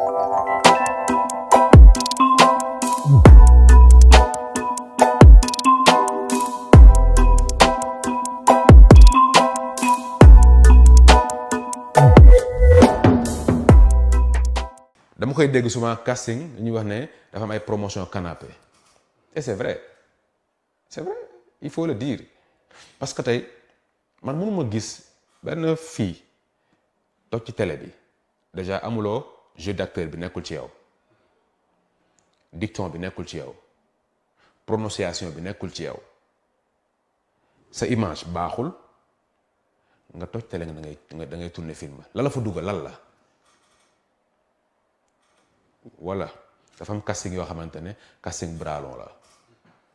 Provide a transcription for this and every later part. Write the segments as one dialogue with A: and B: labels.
A: dama koy dégg souvent casting ñuy wax ne dafa am ay promotion canapé et c'est vrai c'est vrai il faut le dire parce que tey man mënuma gis benn fille toog ci télé bi déjà amuloo jeu d'acteur bi nekkul ci yow dicton bi nekkul ci yow prononciation bi nekkul ci yow sa image baaxul nga toj tele nga da ngay da ngay tourner film la la fa dugal lan la wala dafa am casting yoo xamante ne casting bralon la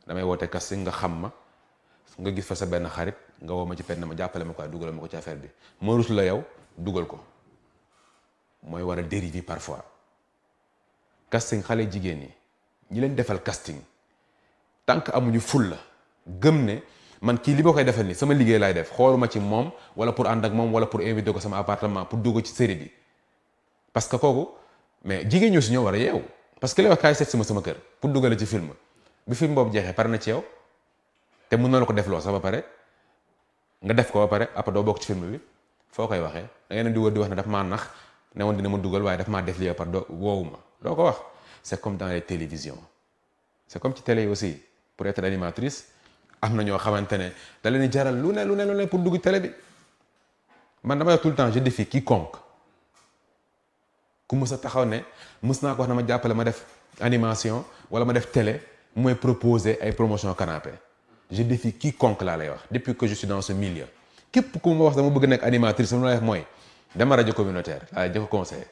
A: damay woote casting nga xam ma nga gis fa sa benn xarit nga woo ma ci fenn ma jàppale ma quoi dugal ma ko ci affaire bi ma rus la yow dugal ko mooy war a dériver parfois casting xale jigéen ñi ñi leen defal casting tant que amuñu ful la gëm ne man kii li ma koy defal ni sama liggéey laay def xooluma ci moom wala pour ànd ak moom wala pour inviter ko sama appartement pour dugg ci série bi parce que kooku mais jigéen ñoo si ñoo war a yeewu parce que li wax kaay seet si ma sama kër pour duggale ci film bi film boobu jeexee pare na ci yow te mën na la ko defloo sax ba pare nga def ko ba pare après doo ci film foo koy waxee da ngeen di wër di wax ne daf maa nax ne woon dina ma dugal waaye daf maa def lii par doo woowu ma doo ko wax c'est comme dans les télévisions c'est comme ci télé yi aussi pour être animatrice am na ñoo xamante ne da leen jaral lu ne lu ne lu ne pour dugg télé bi man dama wax tout le temps je défie quiconque ku mës a taxaw ne mës naa ko na ma jàppale ma def animation wala ma def télé mooy proposer ay promotion canapé je défie quiconque laa lay wax depuis que je suis dans ce milieu képp ku ma wax dama bëgg nekk animatrice sama lay mooy dama rajo communautaire laa ah, jëkk conseillé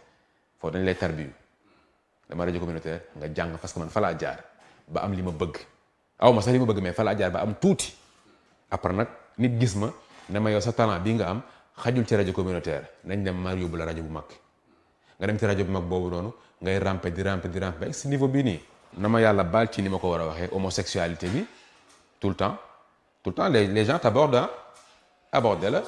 A: foofu dañ lay tarbiyu dama rajo communautaire nga jàng parce que man fa jaar ba am li ma bëgg aw ma sax li ma bëgg mais fa jaar ba am tuuti après nag nit gis ma na ma yow sa talent bii nga am xajul ci rajo communautaire nañ dem mar yóbbu la rajo bu mag nga dem ci rajo bu mag boobu noonu ngay rampe di rampe di rampe ba si niveau bii nii na ma yàlla baal ci ni ma ko war a waxee homosexualité bi tout le temps tout le temps les les gens t'abordent abordé la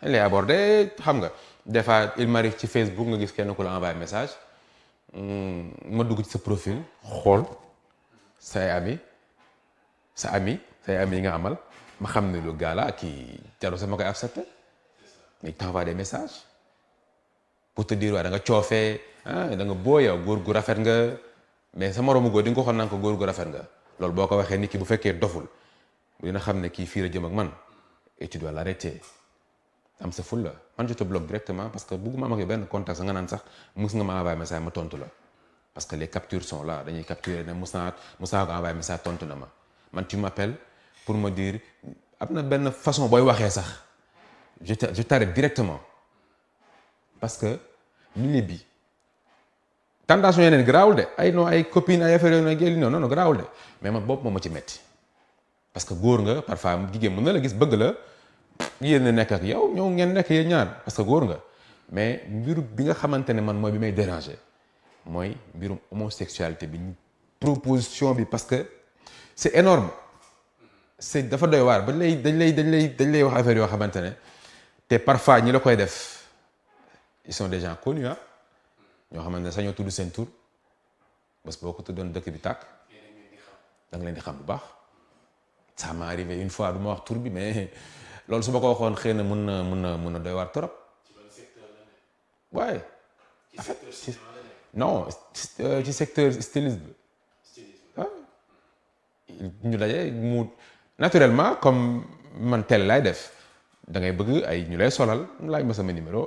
A: elle est de xam nga des fois il m'arrive ci Facebook nga gis kenn ku la envoyé message hmm, ma dugg ci sa profil xool say ami sa ami say ami yi nga amal ma xam ne lu gaa la kii jarul sama koy accepté mais t'envoie des messages pour te dire waaye da nga coofee danga ah, da boo yow góor gu rafet nga mais sa moroomu góor di nga ko xool naan ko góor gu rafet nga loolu boo ko waxee nit ki bu fekkee doful dina xam ne kii fii la jëm ak man et tu dois l'arrêter am sa fulla man je te bloque directement parce que bëgguma am ak yow benn contact nga naan sax mës nga ma envoyé message ma tontu la parce que les captures sont là dañuy capturer ne mës naa mës naa ko envoyé message tontu na ma man tu m'appelles pour ma dire am na benn façon booy waxee sax je te je directement parce que milieu bi tentation yeneen garaawul de ay non ay copine ay affaire yooyu noonu non non garaawul de mais man bopp moo ma ci metti parce que góor nga la gis bëgg la. yéen na nekk ak yow ñoo ngeen nekk yéen ñaar parce que góor nga mais mbiru bi nga xamante ne man mooy bi may déranger mooy mbirum homosexualité bi ñu proposition bi parce que c'est énorme c'est dafa doy waar ba lay dañ lay dañ lay dañ lay wax affaire yoo xamante ne te parfois ñi la koy def ils sont des gens connus ah ñoo xamante ne sañoo tudd seen tur parce que boo ko tuddoon dëkk bi tàkk da nga leen di xam bu baax ça m'est arrivé une fois du ma wax tour bi mais loolu su ma ko waxoon xëy na mun na mun na mun na doy waar trop. waaye. ci non euh, ci secteur stylisme. ñu daje mu naturellement comme man tel laay def dangay bëgg ay ñu lay solal laaj ma sama numéro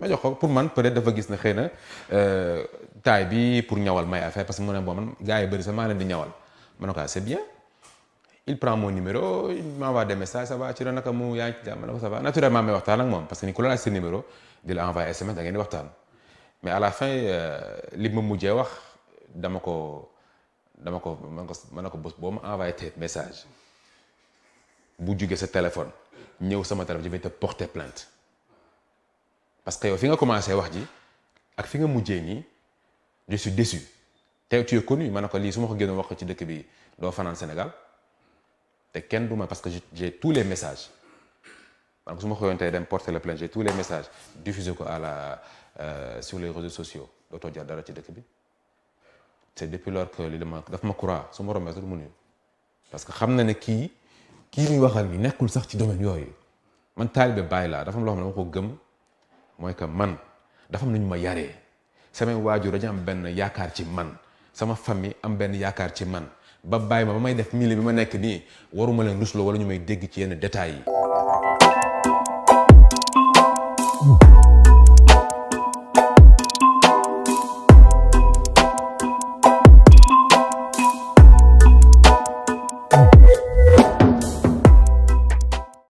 A: ma jox ko pour man peut-être dafa gis ne xëy na euh, taay bi pour ñawal may affaire parce que mu ne boo man gars yi bëri sax maa leen di ñawal ma ne ko ah, c'est bien. il prend mon numéro il m'envoie des messages ça va ci la naka mu yaa ngi ci jàmm ma ne ko ça va waxtaan ak moom parce que ni ku la laaj sa numéro di la envoyé SMS da ngeen waxtaan mais à la fin euh, li ma mujjee wax dama ko dama ko man ko ne ko bés boo ma envoyé tey message bu jugee sa téléphone ñëw sama téléphone je vais que yow fi nga commencé wax ji ak fi nga mujjee nii je suis te tu man connu ma ne ko lii su ma ko génnoon wax ko ci dëkk bi doo fanaan Sénégal. te kenn du ma parce que j'ai tous les messages donc su ma xëyoon tey dem porter le plainte j'ai tous les messages diffusé ko à la euh, sur les réseaux sociaux dootoo jar dara ci dëkk bi c'est depuis lors que li dama daf ma croire su ma rombee sax mu nuyu parce que xam na ne kii kii muy waxal ni nekkul sax ci domaine yooyu man taalibe bàyyi laa dafa am loo xam ne dama ko gëm mooy que man dafa am ñu ma yaree samay waajur dañu am benn yaakaar ci man sama famille am benn yaakaar ci man ba bàyyi ma ba may def milieu bi ma nekk nii waruma leen rusloo wala ñu may dégg ci yenn détails yi